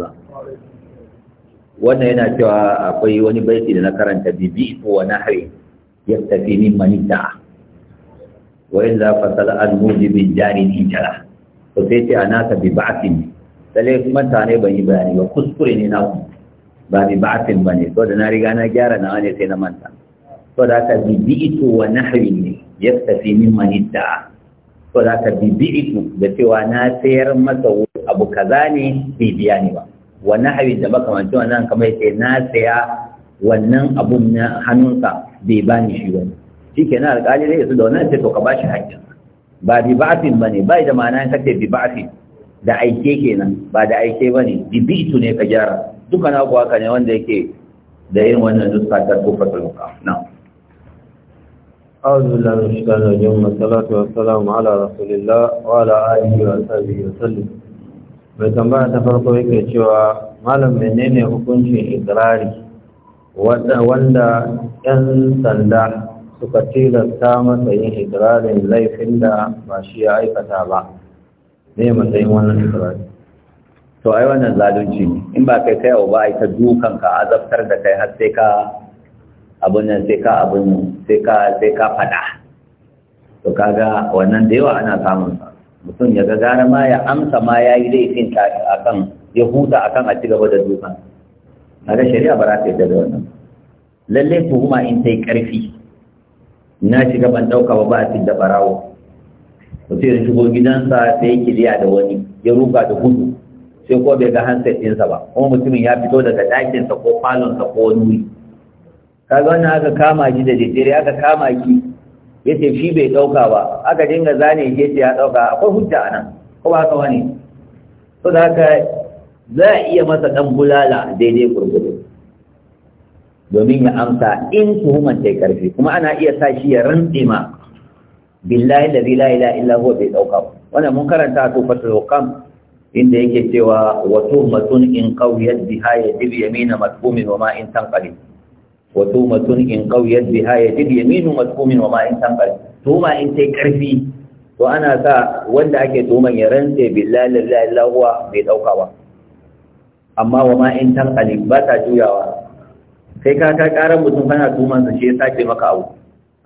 ba wannan yana cewa akwai wani baiti da na karanta bibi ko wani hari ya tafi min manita wa in za fa sala an mujibin jari jara to sai ce ana ka bi ba'atin kuma ta ne ban yi bayani ba kuskure ne na ku ba bi ba'atin ba ne to da na riga na gyara na wani sai na manta to da ka bibi ito wa nahwi ne ya tafi min manita to da ka bibi ito da cewa na sayar masa abu kaza ne bibiya ne ba wannan abin da makamancin wannan kamar ce na saya wannan abun na hannunsa bai ba ni shi wani shi ke na alƙali zai su da wannan ce to ka ba shi haƙƙin ba bi ba'afin ba ne bai da ma'ana ya kace bi ba'afin da aike kenan ba da aike ba ne bi bi ne ka gyara duka na kuwa ka ne wanda yake da yin wannan nuska ta kofatul muka na أعوذ بالله من الشيطان الرجيم والصلاة والسلام على رسول الله وعلى آله وصحبه وسلم mai tambaya ta farko yake cewa malam menene hukuncin ikirari wanda 'yan sanda suka tilasta masa yin ikirarin laifin da ba shi ya aikata ba ne matsayin wannan ikirari to ai wannan zalunci ne in ba kai kai ba ai ta dukan ka azabtar da kai har sai ka abun nan sai ka abun sai ka sai ka fada to kaga wannan da yawa ana samun sa mutum ya ga gara ma ya amsa ma ya yi laifin a kan ya huta akan a cigaba da duka. a ga shari'a ba za ta yadda da wannan lalle tuhuma in ta yi ƙarfi na shiga ban ɗauka ba ba a da ɓarawo mutum ya shigo gidansa sai yi kiliya da wani ya ruka da gudu sai ko bai ga hanset ɗinsa ba kuma mutumin ya fito daga ɗakinsa ko falonsa ko wani wuri kaga wannan aka kama shi da daddare aka kama ki? ya ce shi bai ɗauka ba aka dinga zane ce ya ɗauka akwai hujja a nan ko ba haka wani ko da haka za a iya masa ɗan bulala daidai gurgudu domin ya amsa in tuhuman ta karfi kuma ana iya sa shi ya rantse ma billahi da la ila illa bai ɗauka ba wannan mun karanta a tufatul hukam inda yake cewa wa tuhmatun in qawiyat biha ya yamina matbumin wa ma in tanqalib wa tumatun in qawiyat biha yajid yaminu matkumin wa ma in tanqal tuma in tai karfi to ana sa wanda ake tuman ya rantse billahi la ilaha illa huwa bai dauka ba amma wa ma in ba ta juyawa sai ka ka ƙara mutum kana tuman sa shi ya sace maka abu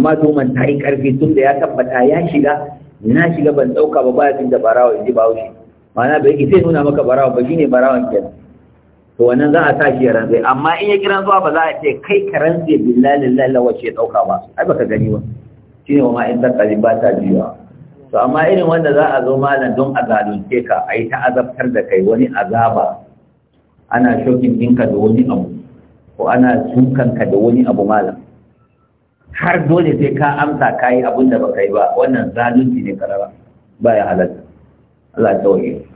amma tuman ta yi karfi tun da ya tabbata ya shiga na shiga ban dauka ba ba ya tun da barawa ya ji bawo shi ma'ana bai ita nuna maka barawa ba shine barawan kenan to wannan za a sa shi ya rantsai amma in ya kiran zuwa ba za a ce kai ka rantse billahi lillahi wace ya dauka ba ai baka gani ba shine wa ma in zakali ba ta jiwa to amma irin wanda za a zo malam don a zalunce ka a ta azabtar da kai wani azaba ana shokin ɗinka da wani abu ko ana sukanka da wani abu malam har dole sai ka amsa ka yi abin da baka yi ba wannan zalunci ne karara ba ya halatta Allah ta tawaye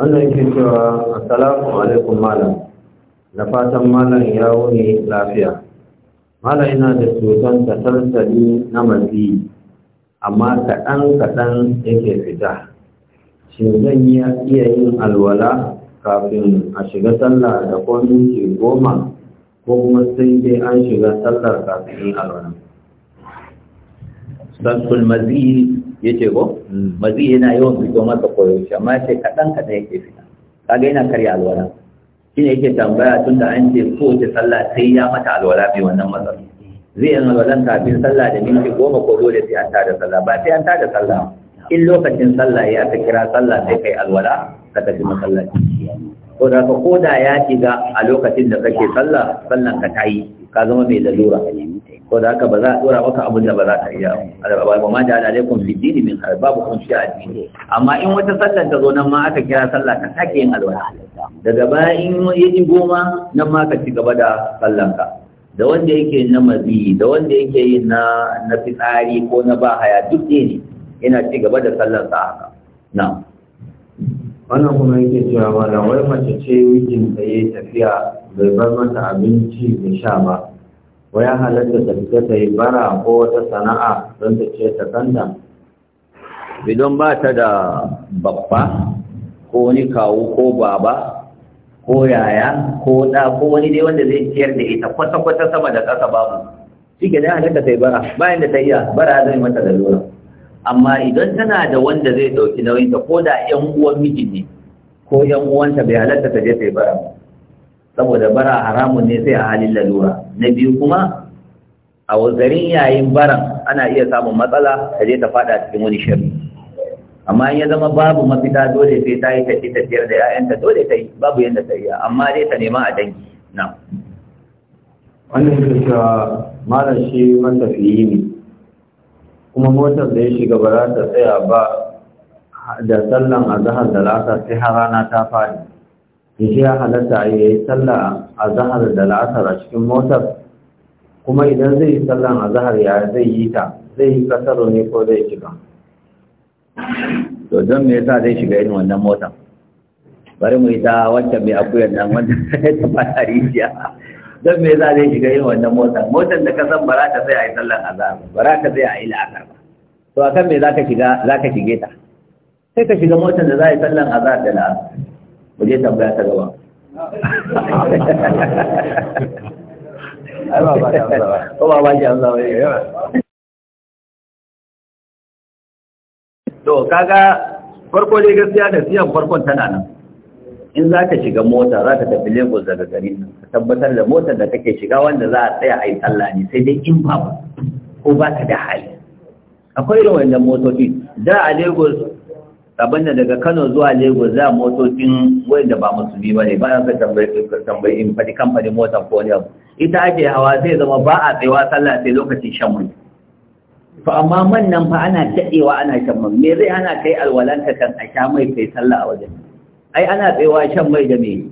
wannan yake cewa assalamu alaikum malam da fatan malam ya wuni lafiya malam yana da cutar tasalsali na mafi amma kaɗan kaɗan yake fita shin zan iya yin alwala kafin a shiga sallah da ko minti goma ko kuma sai dai an shiga sallar kafin alwala. Sassul mazi yace ko hmm. mazi yana yawan fito masa koyaushe amma yace kaɗan kaɗan yake fita kaga yana karya alwala shine yake tambaya tun da an ce ko ta sallah sai ya mata alwala mai wannan matsalar zai yin alwalan kafin sallah da minti goma ko dole sai an tada sallah ba sai an tada sallah in lokacin sallah ya ta kira sallah sai kai alwala ka tafi masallaci ko da ka koda ya shiga a lokacin da kake sallah sallan ka ta yi ka zama mai lalura a nemi ko da haka ba za a dora maka abin da ba za ka iya ba ma da alaikum fi dini min har babu kun shi addini amma in wata sallar ta zo nan ma aka kira sallah ka sake yin alwala daga baya in ya ji goma nan ma ka ci gaba da sallar ka da wanda yake na mazi da wanda yake yi na na fitsari ko na ba haya duk ne yana ci gaba da sallar sa haka na wannan kuma yake cewa da, wai mace ce wikin da ya tafiya bai bar mata abinci da sha ba wai ya halatta ta fita ta yi bara ko wata sana'a don ta ce ta kanta idan ba ta da babba ko wani kawo ko baba ko yaya ko da ko wani dai wanda zai ciyar da ita kwata-kwata sama da ƙasa babu shi ke dai halatta ta yi bara bayan da ta yi bara zai mata da lura amma idan tana da wanda zai ɗauki nauyinta ko da ‘yan uwan mijin ne ko ‘yan uwanta bai halatta ta je ta yi bara ba saboda bara haramun ne sai a halin lalura na biyu kuma a wazarin yayin baran ana iya samun matsala ta je ta fada cikin wani shari amma ya zama babu mafita dole sai ta yi tafi tafiyar da yayanta dole ta yi babu yadda ta yi, amma dai ta nema a dangi na wannan yake cewa malam shi matafiyi ne kuma motar da ya shiga ba za ta tsaya ba da sallan azahar da lasa sai har rana ta fadi yake ya halatta a yi sallah a zahar da la'asar a cikin motar kuma idan zai yi sallah a zahar ya zai yi ta zai yi kasaro ne ko zai shiga to don me yasa zai shiga irin wannan motar bari mu yi ta wancan mai akuyar nan wanda ta fara rijiya don me yasa zai shiga irin wannan motar motar da ka san bara ta sai a yi sallan a zahar bara ta sai a yi la'asar ba to kan me za ka shiga za ka shige ta sai ka shiga motar da za a yi sallan a zahar da la'asar mu je tambaya ta gaba ai ba ba ta ba ba ba ji Allah eh, wai yawa to kaga farko dai gaskiya da siyan farkon tana nan in za ka shiga mota za ka tafi lagos daga gari ka tabbatar da motar da kake shiga wanda za a tsaya a yi tsalla ne sai dai in babu ko ba ka da hali akwai irin wannan motoci da a lagos abin da daga kano zuwa lagos za motocin da ba musulmi ba ne bayan ka tambayi in faɗi kamfanin mota ko ne ita ake hawa zai zama ba a tsayawa sallah sai lokacin shan wani to amma man nan fa ana daɗewa ana shan man me zai ana kai alwalanta kan a sha mai kai sallah a wajen ai ana tsayawa shan mai da me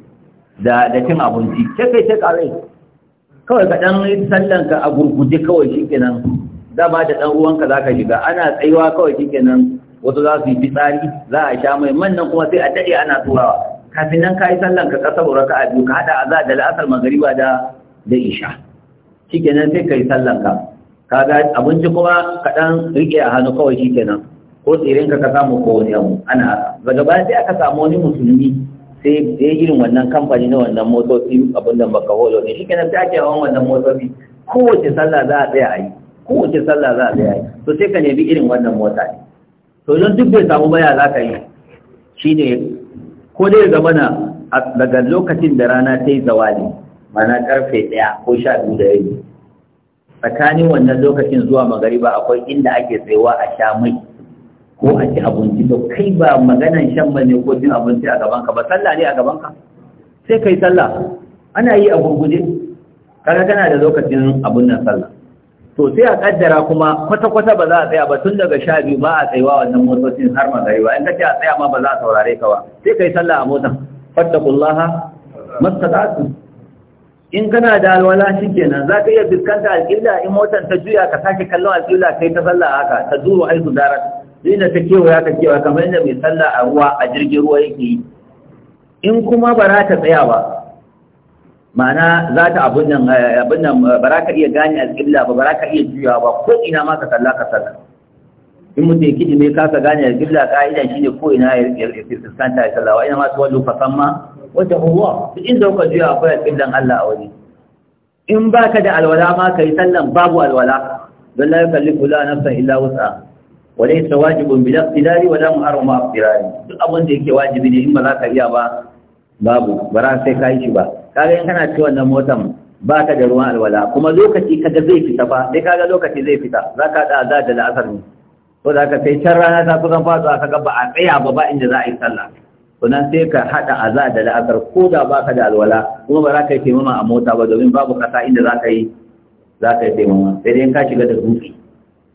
da da cin abinci sai kai ta ƙarai kawai ka ɗan sallan ka a gurguje kawai shikenan dama da ɗan uwanka za ka shiga ana tsayuwa kawai shikenan wasu za su yi fitsari za a sha mai mannan kuma sai a daɗe ana turawa kafin nan ka yi sallan ka kasa raka a biyu ka haɗa a za da la'asar magariba da da isha nan sai ka yi sallan ka ka ga abinci kuma kaɗan riƙe a hannu kawai nan. ko tsirin ka ka samu ko wani abu ana daga baya sai aka samu wani musulmi sai ya irin wannan kamfani na wannan motoci abin da baka holo ne nan sai ake hawan wannan motoci kowace sallah za a tsaya a yi kowace sallah za a tsaya a yi to sai ka nemi irin wannan mota ne to idan duk bai samu baya za ka yi shi ne ko dai ga mana daga lokacin da rana ta yi zawali mana karfe daya ko sha biyu da yayi tsakanin wannan lokacin zuwa magariba akwai inda ake tsayawa a sha mai ko a ci abinci to kai ba maganan shan mai ne ko cin abinci a gaban ka ba sallah ne a gaban ka sai kai sallah ana yi a gurguje kaga kana da lokacin abun nan sallah to sai a kaddara kuma kwata-kwata ba za a tsaya ba tun daga sha biyu ba a tsayuwa wannan motocin har tsayuwa in ka a tsaya ma ba za a saurare ka ba sai kai sallah a motan fattakullaha mastata'atu in kana da alwala shikenan za ka iya fuskanta alƙilla in motan ta juya ka sake kallon alƙilla kai ta sallah haka ta duro aisu darat dina ta kewaya ta kewa kamar yadda mai sallah a ruwa a jirgin ruwa yake yi in kuma ba za ta tsaya ba ma'ana za ta abin nan eh, abin nan eh, ba za ka iya gane alƙibla ba ba za ka iya juyawa ba ko ina ma ka kalla ka sallah in mutum ya kiji mai kasa gane alƙibla ka'idan shi ne ko ina ya fuskanta ya sallah wa ina ma su wallo fasan ma wata huwa duk inda kuka juya akwai alƙiblan Allah a wani in ba ka da alwala ma ka yi sallan babu alwala don la yukallifu la nafsan illa wus'a وليس bi بلا wa ولا محرم مع اقتدار duk abin da yake wajibi ne in ba za ka iya ba babu ba sai ka yi shi ba kaga in kana ci wannan motan ba ka da ruwan alwala kuma lokaci kaga zai fita fa sai kaga lokaci zai fita za ka da za da la'asar ne ko da ka sai can rana ta kusan faɗuwa kaga ba a tsaya ba ba inda za a yi sallah sannan sai ka haɗa aza da la'asar ko da ba ka da alwala kuma ba za ka yi taimama a mota ba domin babu ƙasa inda za ka yi za ka yi taimama sai dai in ka shiga da dutse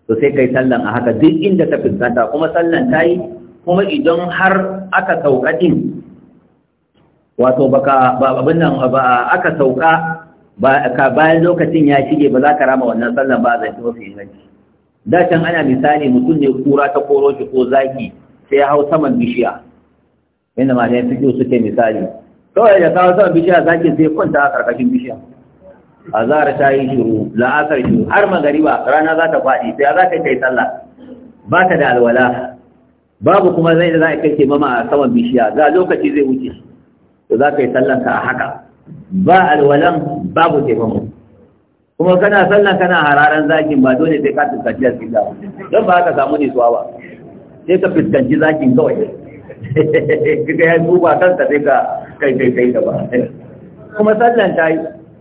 to sai ka yi sallan a haka duk inda ka fuskanta kuma sallan ta yi kuma idan har aka sauka din wato baka ba abin nan ba aka sauka ba bayan lokacin ya shige ba za ka rama wannan sallan ba zai mafi inganci da can ana misali mutum ne kura ta koro shi ko zaki sai ya hau saman bishiya inda ma ne fiƙo suke misali kawai da kawo saman bishiya zaki sai kwanta a karkashin bishiya a zara ta yi shiru la'asar shiru har magariba rana za ta faɗi sai za ka kai sallah ba ta da alwala babu kuma zai da za a kai mama a saman bishiya za lokaci zai wuce to za ka yi sallanka a haka ba alwalan babu taimako kuma kana sallan kana hararan zakin ba dole sai ka fuskanci zakin ba don ba haka samu nisuwa ba sai ka fuskanci zakin kawai kika ya duba kanka sai ka kai kai kai gaba kuma sallan ta yi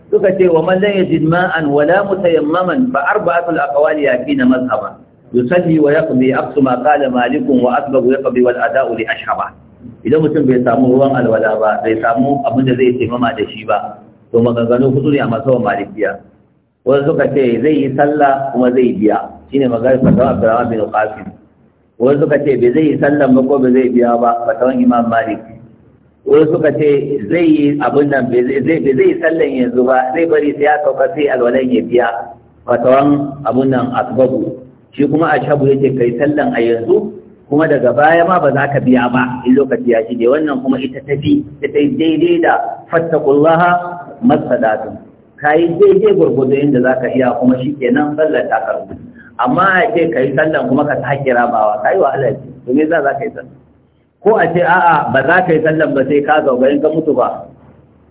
suka ce wa man lam yajid ma'an wala mutayammaman fa arba'atul aqwali yakina mazhaban yusalli wa yaqdi aqsu ma qala malikun wa asbagu yaqdi wal ada'u li ashhaba idan mutum bai samu ruwan alwala ba bai samu abin da zai taimama da shi ba to maganganu hudu ne a wa malikiya Wani suka ce zai yi sallah kuma zai biya shine maganar fatawa abdurrahman bin qasim Wani suka ce bai zai yi sallah ba ko bai zai biya ba fatawan imam malik Wani suka ce zai yi abin nan bai zai yi sallan yanzu ba zai bari sai ya sauka sai alwalan ya biya fatawan abin nan asbabu shi kuma ashabu yake kai sallan a yanzu kuma daga baya ma ba za ka biya ba in lokaci ya shige wannan kuma ita tafi ta ta daidai da fattakullaha masadatu ka yi daidai gurgudu inda za ka iya kuma shi ke nan sallar ta karbu amma a ce ka yi sallan kuma ka ba wa ka yi wahala ce domin za za ka yi sallan ko a ce a'a ba za ka yi sallan ba sai ka zauga in ka mutu ba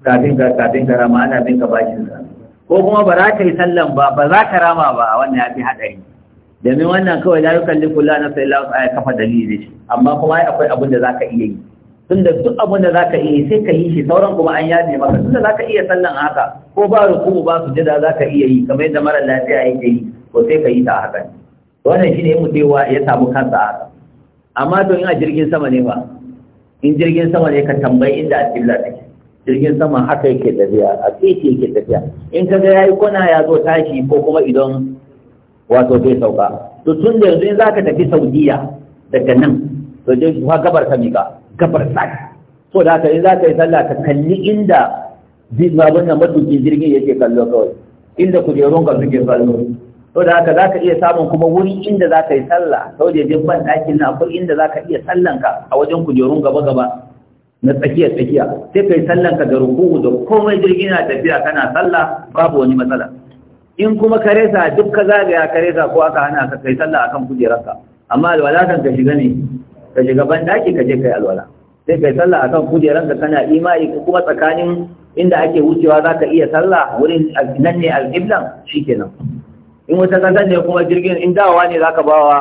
kafin ka kafin ka rama ana bin ka bashin ko kuma ba za ka yi sallan ba ba za ka rama ba wannan ya fi haɗari domin wannan kawai la yukallifu la sai lafi wus'aha kafa dalili shi amma kuma ai akwai abin da ka iya yi da duk abin da ka iya sai ka yi shi sauran kuma an yaje maka da za ka iya sallan haka ko ba ruku ba su za ka iya yi kamar yadda mara lafiya yake yi ko sai ka yi ta haka wannan shine mutewa ya samu kansa haka amma to in a jirgin sama ne ba in jirgin sama ne ka tambayi inda alƙibla take jirgin sama haka yake tafiya a titi yake tafiya in ka ga yayi kona ya zo tashi ko kuma idan wato zai sauka to tun da yanzu in za ka tafi saudiya daga nan to dai kuma gabar ka miƙa gabar sa so da haka in za ka yi sallah ka kalli inda babban nan matukin jirgin yake kallo kawai inda kujerun ka suke kallo to da haka za ka iya samun kuma wuri inda za ka yi sallah sau da yajin ban ɗakin na akwai inda za ka iya sallanka a wajen kujerun gaba-gaba na tsakiyar tsakiya sai ka yi sallanka da rukuku da komai jirgin na tafiya kana sallah babu wani matsala in kuma ka resa duk ka zagaya ka resa ko aka hana ka kai sallah akan kujerarka amma alwala ka shiga ne ka shiga ban daki ka je kai alwala sai kai sallah akan kujeranka kana imani kuma tsakanin inda ake wucewa za ka iya sallah wurin nan ne alƙiblan shi kenan in wata ka ne kuma jirgin in dawowa ne za ka ba wa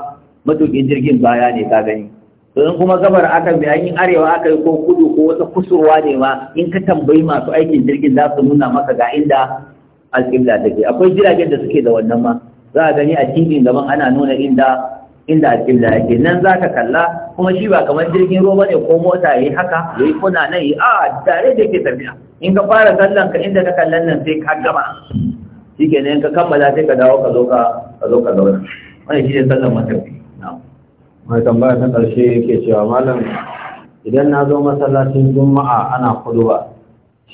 matuƙin jirgin baya ne ka gani to in kuma gabar aka bi an yi arewa aka yi ko kudu ko wata kusurwa ne ma in ka tambayi masu aikin jirgin za su nuna maka ga inda alƙibla take akwai jiragen da suke da wannan ma za a gani a tv gaban ana nuna inda inda alƙibla yake nan za ka kalla kuma shi ba kamar jirgin ruwa ne ko mota ya yi haka ya yi kuna nan yi a ah, tare da ke tafiya in ka fara sallan ka inda ka kallan nan sai ka gama shi ke nan ka kammala sai ka dawo ka zo ka zo ka zauna wani shi ne sallan matafi mai tambaya ta ƙarshe yake cewa malam idan na zo masallacin juma'a ana kuduwa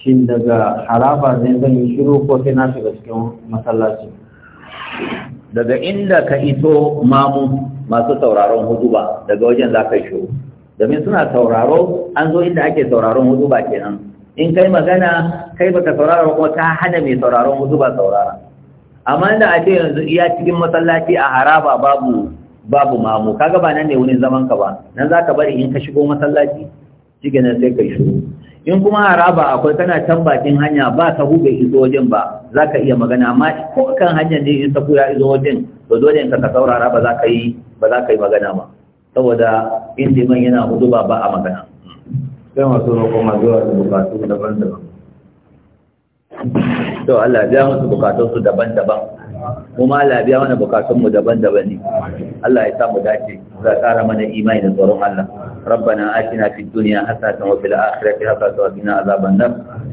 shin daga haraba ne zan yi shiru ko sai na shiga cikin masallaci daga inda ka iso mamu masu sauraron ba daga wajen za ka yi shiru domin suna sauraro an zo inda ake sauraron ba kenan in kai magana kai baka saurara kuma ka hana mai sauraron ba saurara amma inda a ce yanzu iya cikin masallaci a haraba babu babu mamu kaga ba nan ne wurin zaman ka ba nan za ka bari in ka shigo masallaci shi sai ka yi shiru in kuma haraba akwai kana can bakin hanya ba ta bai izo wajen ba za ka iya magana amma ko kan hanyar ne in ta ya iso wajen to dole in ka saurara ba za ka yi ba za ka yi magana ba saboda in liman yana hudu ba ba a magana sai masu roƙon mazuwa da bukatu daban-daban to Allah ya musu su daban-daban kuma Allah biya mana bukatunmu daban-daban ne Allah ya sa mu dace za ƙara mana imani da tsoron Allah ربنا آتنا في الدنيا حسنة وفي الآخرة حسنة وقنا عذاب النار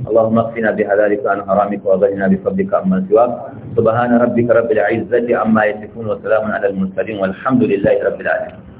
اللهم اكفنا بحلالك عن حرامك وغننا بفضلك عما سواك سبحان ربك رب العزة عما يصفون وسلام على المرسلين والحمد لله رب العالمين